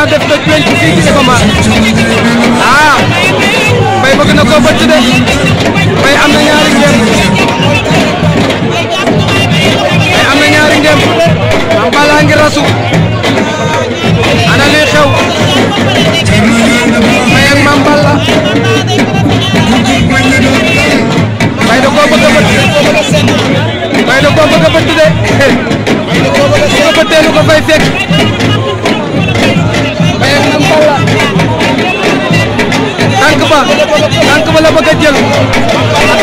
Franc def na benn ci fii ci am ah, na ñaari ngem Mbaye am na ñaari ngem Balla ngi rasu ana luy xew Mbaye ak Mame Balla Mbaye da koo bëgg a de ko bëttee lu fay fekk tànk ba la bëgg a jël